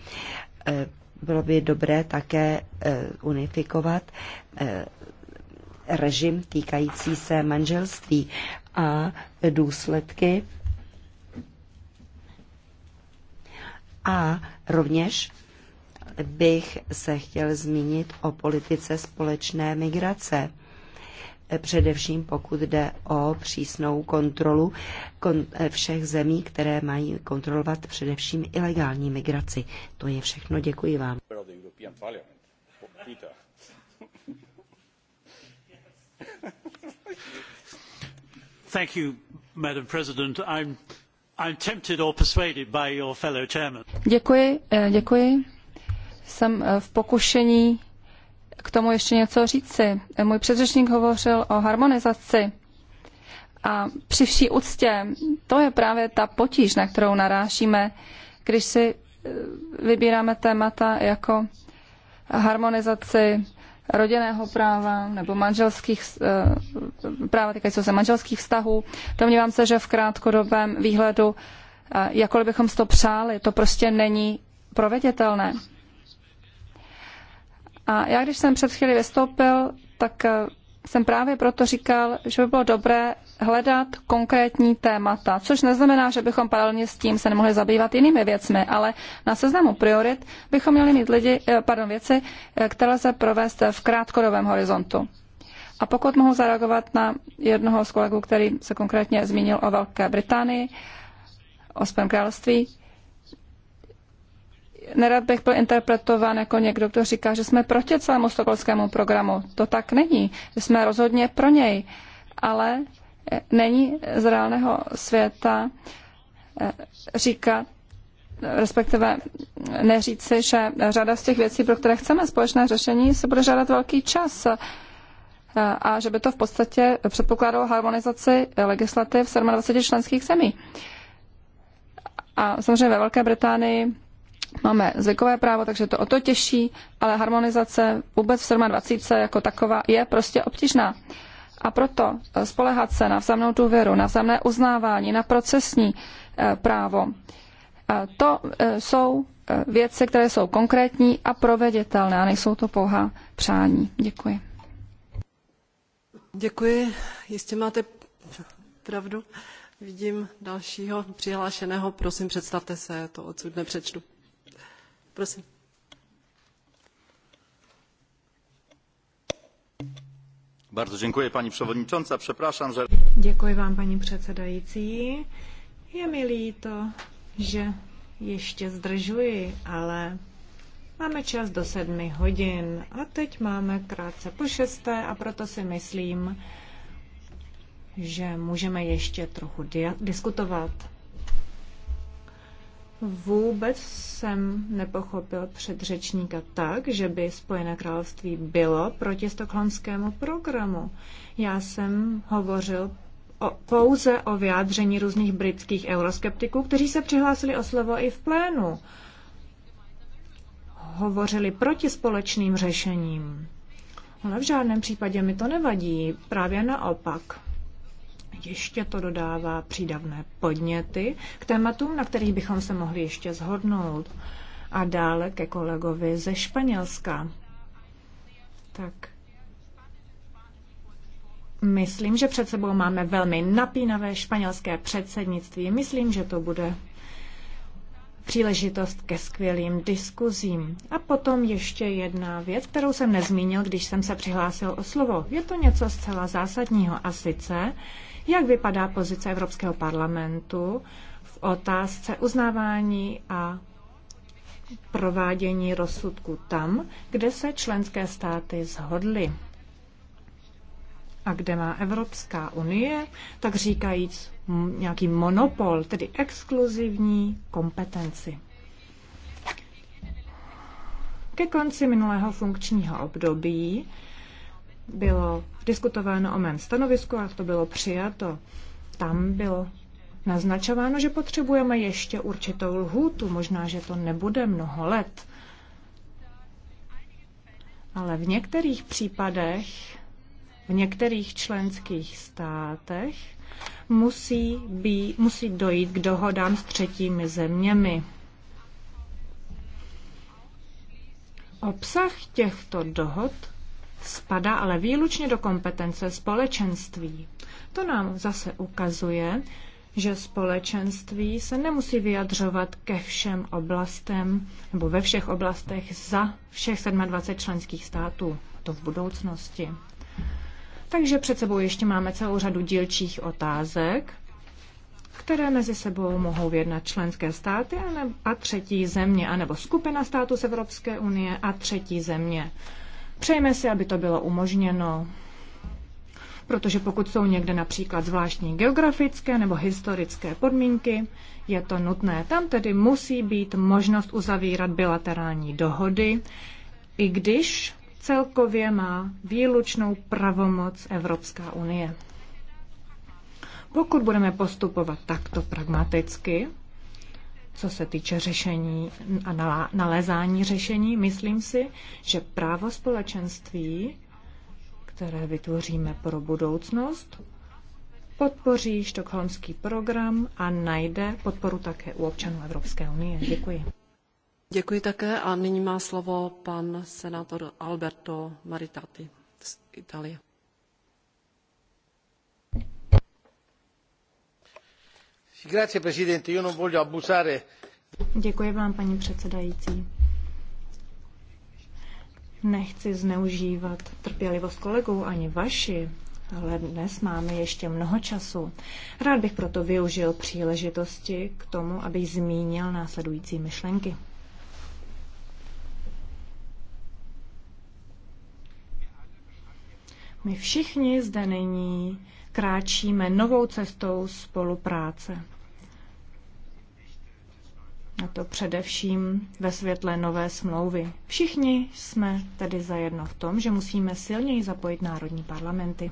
Eh, bylo by dobré také eh, unifikovat eh, režim týkající se manželství a důsledky a rovněž bych se chtěl zmínit o politice společné migrace. Především pokud jde o přísnou kontrolu všech zemí, které mají kontrolovat především ilegální migraci. To je všechno. Děkuji vám. Thank you, Madam President. I'm, I'm tempted or persuaded by your fellow chairman. Děkuji, eh, děkuji jsem eh, v pokušení k tomu ještě něco říci. Můj předřečník hovořil o harmonizaci a při vší úctě, to je právě ta potíž, na kterou narážíme, když si eh, vybíráme témata jako harmonizaci rodinného práva nebo manželských eh, práva týkající se manželských vztahů. Domnívám se, že v krátkodobém výhledu, jakkoliv bychom si to přáli, to prostě není proveditelné. A já, když jsem před chvíli vystoupil, tak eh, jsem právě proto říkal, že by bylo dobré hledat konkrétní témata, což neznamená, že bychom paralelně s tím se nemohli zabývat jinými věcmi, ale na seznamu priorit bychom měli mít lidi, eh, pardon, věci, eh, které se provést v krátkodobém horizontu. A pokud mohu zareagovat na jednoho z kolegů, který se konkrétně zmínil o Velké Británii, o svém království, nerad bych byl interpretován jako někdo, kdo říká, že jsme proti celému stokholmskému programu. To tak není. Jsme rozhodně pro něj, ale eh, není z reálného světa eh, říkat, respektive mm, neříci, že řada z těch věcí, pro které chceme společné řešení, se bude žádat velký čas eh, a že by to v podstatě předpokládalo harmonizaci legislativ 27 členských zemí. A samozřejmě ve Velké Británii Máme zvykové právo, takže to o to těžší, ale harmonizace vůbec v 27. jako taková je prostě obtížná. A proto eh, spolehat se na vzájemnou důvěru, na vzájemné uznávání, na procesní eh, právo, eh, to jsou věci, které jsou konkrétní a proveditelné a nejsou to pouhá přání. Děkuji. Děkuji. Jistě máte pravdu. Vidím dalšího přihlášeného. Prosím, představte se, to odsud nepřečtu. Prosím. Bardzo dziękuję pani przewodnicząca. Przepraszam, że... Děkuji vám, paní předsedající. Je mi líto, že ještě zdržuji, ale máme čas do sedmi hodin a teď máme krátce po šesté a proto si myslím, že můžeme ještě trochu diskutovat. Vůbec jsem nepochopil předřečníka tak, že by Spojené království bylo proti stokholmskému programu. Já jsem hovořil o, pouze o vyjádření různých britských euroskeptiků, kteří se přihlásili o slovo i v plénu. Hovořili proti společným řešením. Ale v žádném případě mi to nevadí, právě naopak ještě to dodává přídavné podněty k tématům, na kterých bychom se mohli ještě zhodnout. A dále ke kolegovi ze Španělska. Tak. Myslím, že před sebou máme velmi napínavé španělské předsednictví. Myslím, že to bude příležitost ke skvělým diskuzím. A potom ještě jedna věc, kterou jsem nezmínil, když jsem se přihlásil o slovo. Je to něco zcela zásadního a sice, jak vypadá pozice Evropského parlamentu v otázce uznávání a provádění rozsudku tam, kde se členské státy zhodly? A kde má Evropská unie, tak říkajíc nějaký monopol, tedy exkluzivní kompetenci. Ke konci minulého funkčního období bylo diskutováno o mém stanovisku a to bylo přijato. Tam bylo naznačováno, že potřebujeme ještě určitou lhůtu, možná, že to nebude mnoho let. Ale v některých případech, v některých členských státech musí, být, musí dojít k dohodám s třetími zeměmi. Obsah těchto dohod spadá ale výlučně do kompetence společenství. To nám zase ukazuje, že společenství se nemusí vyjadřovat ke všem oblastem nebo ve všech oblastech za všech 27 členských států, to v budoucnosti. Takže před sebou ještě máme celou řadu dílčích otázek, které mezi sebou mohou vědnat členské státy a třetí země, anebo skupina států z Evropské unie a třetí země. Přejeme si, aby to bylo umožněno, protože pokud jsou někde například zvláštní geografické nebo historické podmínky, je to nutné. Tam tedy musí být možnost uzavírat bilaterální dohody, i když celkově má výlučnou pravomoc Evropská unie. Pokud budeme postupovat takto pragmaticky, co se týče řešení a nalézání řešení, myslím si, že právo společenství, které vytvoříme pro budoucnost, podpoří štokholmský program a najde podporu také u občanů Evropské unie. Děkuji. Děkuji také a nyní má slovo pan senátor Alberto Maritati z Itálie. Děkuji vám, paní předsedající. Nechci zneužívat trpělivost kolegů ani vaši, ale dnes máme ještě mnoho času. Rád bych proto využil příležitosti k tomu, abych zmínil následující myšlenky. My všichni zde nyní kráčíme novou cestou spolupráce. A to především ve světle nové smlouvy. Všichni jsme tedy zajedno v tom, že musíme silněji zapojit národní parlamenty.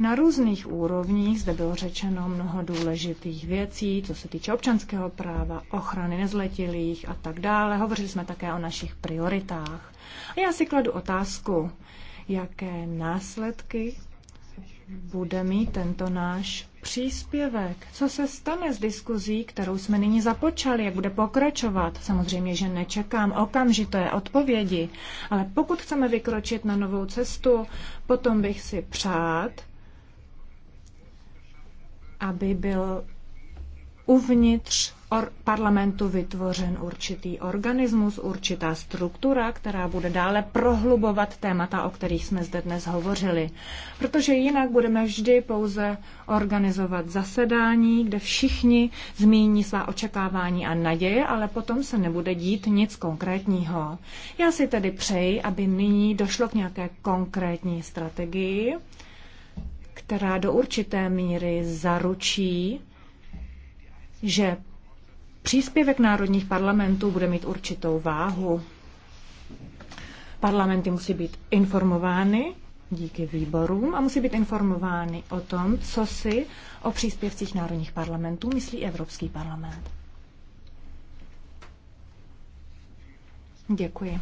Na různých úrovních zde bylo řečeno mnoho důležitých věcí, co se týče občanského práva, ochrany nezletilých a tak dále. Hovořili jsme také o našich prioritách. A já si kladu otázku, jaké následky bude mít tento náš příspěvek. Co se stane s diskuzí, kterou jsme nyní započali, jak bude pokračovat? Samozřejmě, že nečekám okamžité odpovědi, ale pokud chceme vykročit na novou cestu, potom bych si přát, aby byl uvnitř parlamentu vytvořen určitý organismus, určitá struktura, která bude dále prohlubovat témata, o kterých jsme zde dnes hovořili. Protože jinak budeme vždy pouze organizovat zasedání, kde všichni zmíní svá očekávání a naděje, ale potom se nebude dít nic konkrétního. Já si tedy přeji, aby nyní došlo k nějaké konkrétní strategii, která do určité míry zaručí, že příspěvek národních parlamentů bude mít určitou váhu. Parlamenty musí být informovány díky výborům a musí být informovány o tom, co si o příspěvcích národních parlamentů myslí Evropský parlament. Děkuji.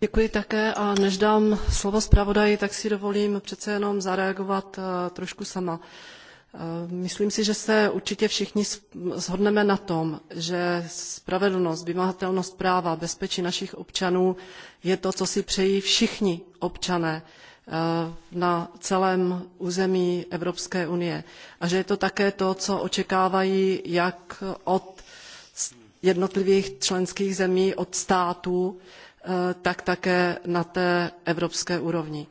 Děkuji také a než dám slovo zpravodaji, tak si dovolím přece jenom zareagovat eh, trošku sama. Eh, myslím si, že se určitě všichni shodneme na tom, že spravedlnost, vymahatelnost práva, bezpečí našich občanů je to, co si přejí všichni občané eh, na celém území Evropské unie. A že je to také to, co očekávají jak od jednotlivých členských zemí, od států, Eh, tak také na té evropské úrovni.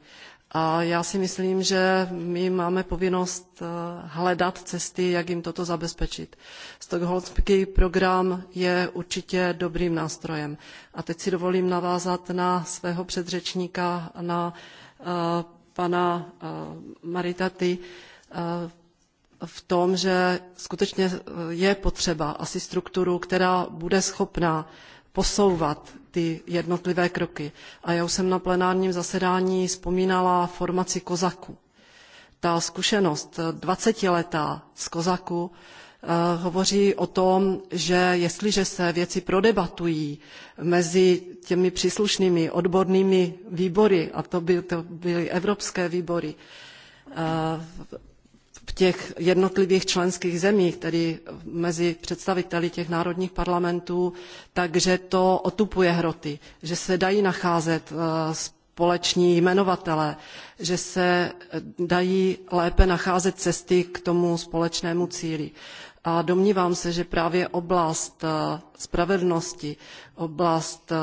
A já si myslím, že my máme povinnost eh, hledat cesty, jak jim toto zabezpečit. Stockholmský program je určitě dobrým nástrojem. A teď si dovolím navázat na svého předřečníka, na eh, pana Maritaty v tom, že skutečně je potřeba asi strukturu, která bude schopná posouvat ty jednotlivé kroky. A já už jsem na plenárním zasedání vzpomínala formaci kozaku. Ta zkušenost 20 letá z kozaku eh, hovoří o tom, že jestliže se věci prodebatují mezi těmi příslušnými odbornými výbory, a to, by, to byly evropské výbory, eh, těch jednotlivých členských zemích, tedy mezi představiteli těch národních parlamentů, takže to otupuje hroty, že se dají nacházet eh, společní jmenovatele, že se dají lépe nacházet cesty k tomu společnému cíli. A domnívám se, že právě oblast eh, spravedlnosti, oblast eh,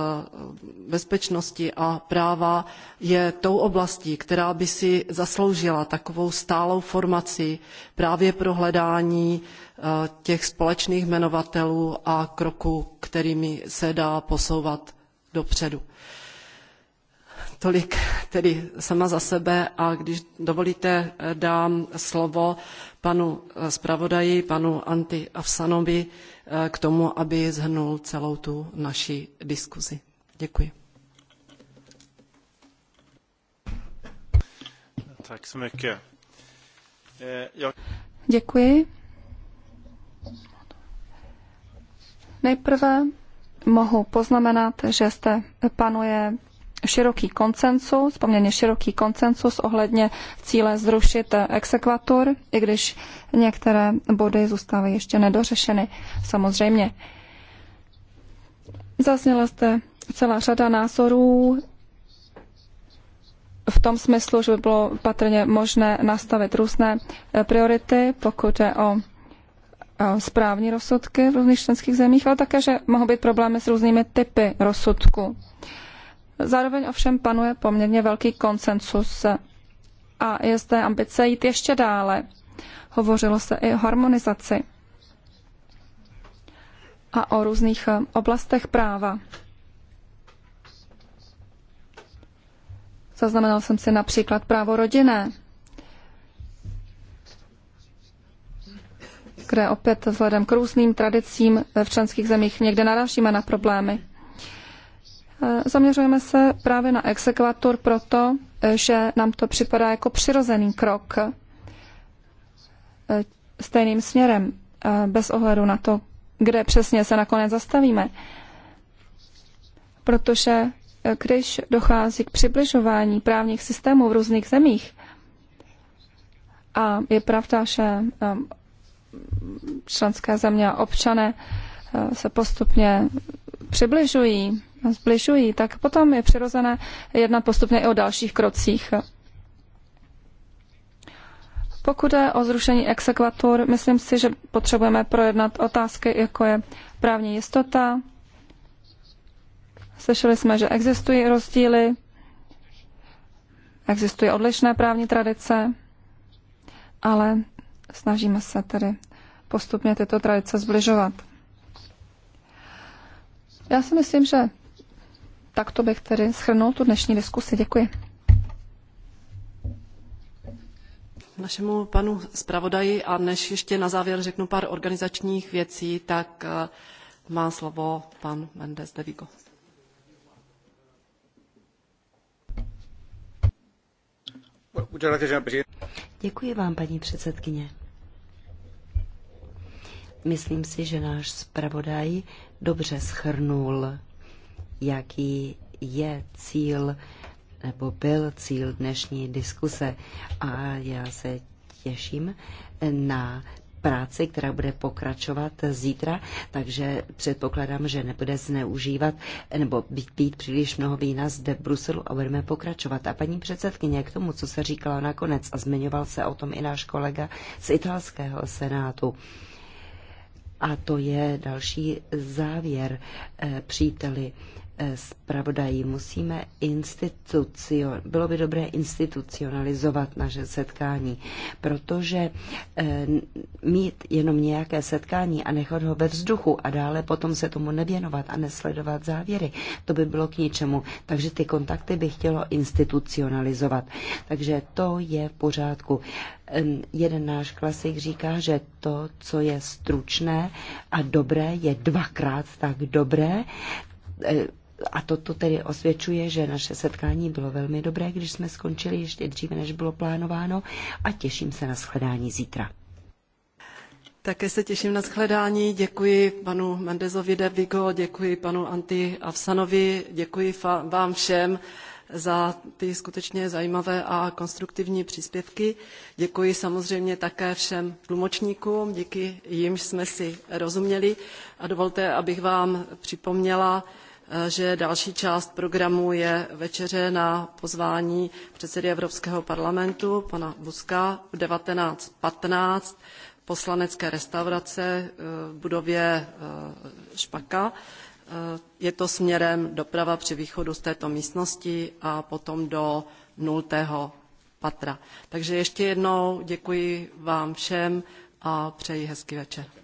bezpečnosti a práva je tou oblastí, která by si zasloužila takovou stálou formaci právě pro hledání eh, těch společných jmenovatelů a kroků, kterými se dá posouvat dopředu. Tolik tedy sama za sebe a když dovolíte, eh, dám slovo panu eh, zpravodaji, panu Anti Avsanovi eh, k tomu, aby zhrnul celou tu naši diskuzi. Děkuji. Děkuji. Nejprve mohu poznamenat, že zde panuje široký koncensus, poměrně široký koncensus ohledně cíle zrušit eh, exekvatur, i když některé body zůstávají ještě nedořešeny, samozřejmě. Zazněla jste celá řada názorů v tom smyslu, že by bylo patrně možné nastavit různé eh, priority, pokud je o eh, správní rozsudky v různých členských zemích, ale také, že mohou být problémy s různými typy rozsudku. Zároveň ovšem panuje poměrně velký konsensus a je zde ambice jít ještě dále. Hovořilo se i o harmonizaci a o různých eh, oblastech práva. Zaznamenal jsem si například právo rodinné, kde opět vzhledem k různým tradicím v členských zemích někde narážíme na problémy. Eh, zaměřujeme se právě na exekvator proto, eh, že nám to připadá jako přirozený krok eh, stejným směrem, bez ohledu na to, kde přesně se nakonec zastavíme. Protože když dochází k přibližování právních systémů v různých zemích, a je pravda, že členské země a občané se postupně přibližují zbližují, tak potom je přirozené jednat postupně i o dalších krocích. Pokud je o zrušení exekvatur, myslím si, že potřebujeme projednat otázky, jako je právní jistota. Slyšeli jsme, že existují rozdíly, existují odlišné právní tradice, ale snažíme se tedy postupně tyto tradice zbližovat. Já si myslím, že tak to bych tedy schrnul tu dnešní diskusi. Děkuji. Našemu panu zpravodaji a než ještě na závěr řeknu pár organizačních věcí, tak eh, má slovo pan Mendes de Vigo. Děkuji vám, paní předsedkyně. Myslím si, že náš zpravodaj dobře schrnul jaký je cíl nebo byl cíl dnešní diskuse. A já se těším na práci, která bude pokračovat zítra, takže předpokládám, že nebude zneužívat nebo být, být příliš mnoho vína zde v Bruselu a budeme pokračovat. A paní předsedkyně, k tomu, co se říkala nakonec a zmiňoval se o tom i náš kolega z italského senátu, a to je další závěr, eh, příteli. Eh, zpravodají. Musíme institucio, bylo by dobré institucionalizovat naše setkání, protože eh, mít jenom nějaké setkání a nechat ho ve vzduchu a dále potom se tomu nevěnovat a nesledovat závěry, to by bylo k ničemu. Takže ty kontakty bych chtělo institucionalizovat. Takže to je v pořádku. Jeden náš klasik říká, že to, co je stručné a dobré, je dvakrát tak dobré eh, a toto tedy osvědčuje, že naše setkání bylo velmi dobré, když jsme skončili ještě dříve, než bylo plánováno a těším se na shledání zítra. Také se těším na shledání. Děkuji panu Mendezovi de Vigo, děkuji panu Anti Avsanovi, děkuji vám všem za ty skutečně zajímavé a konstruktivní příspěvky. Děkuji samozřejmě také všem tlumočníkům, díky jimž jsme si rozuměli. A dovolte, abych vám připomněla, Eh, že další část programu je večeře na pozvání předsedy Evropského parlamentu, pana Buska, v 19.15 poslanecké restaurace eh, v budově eh, Špaka. Je to směrem doprava při východu z této místnosti a potom do nultého patra. Takže ještě jednou děkuji vám všem a přeji hezký večer.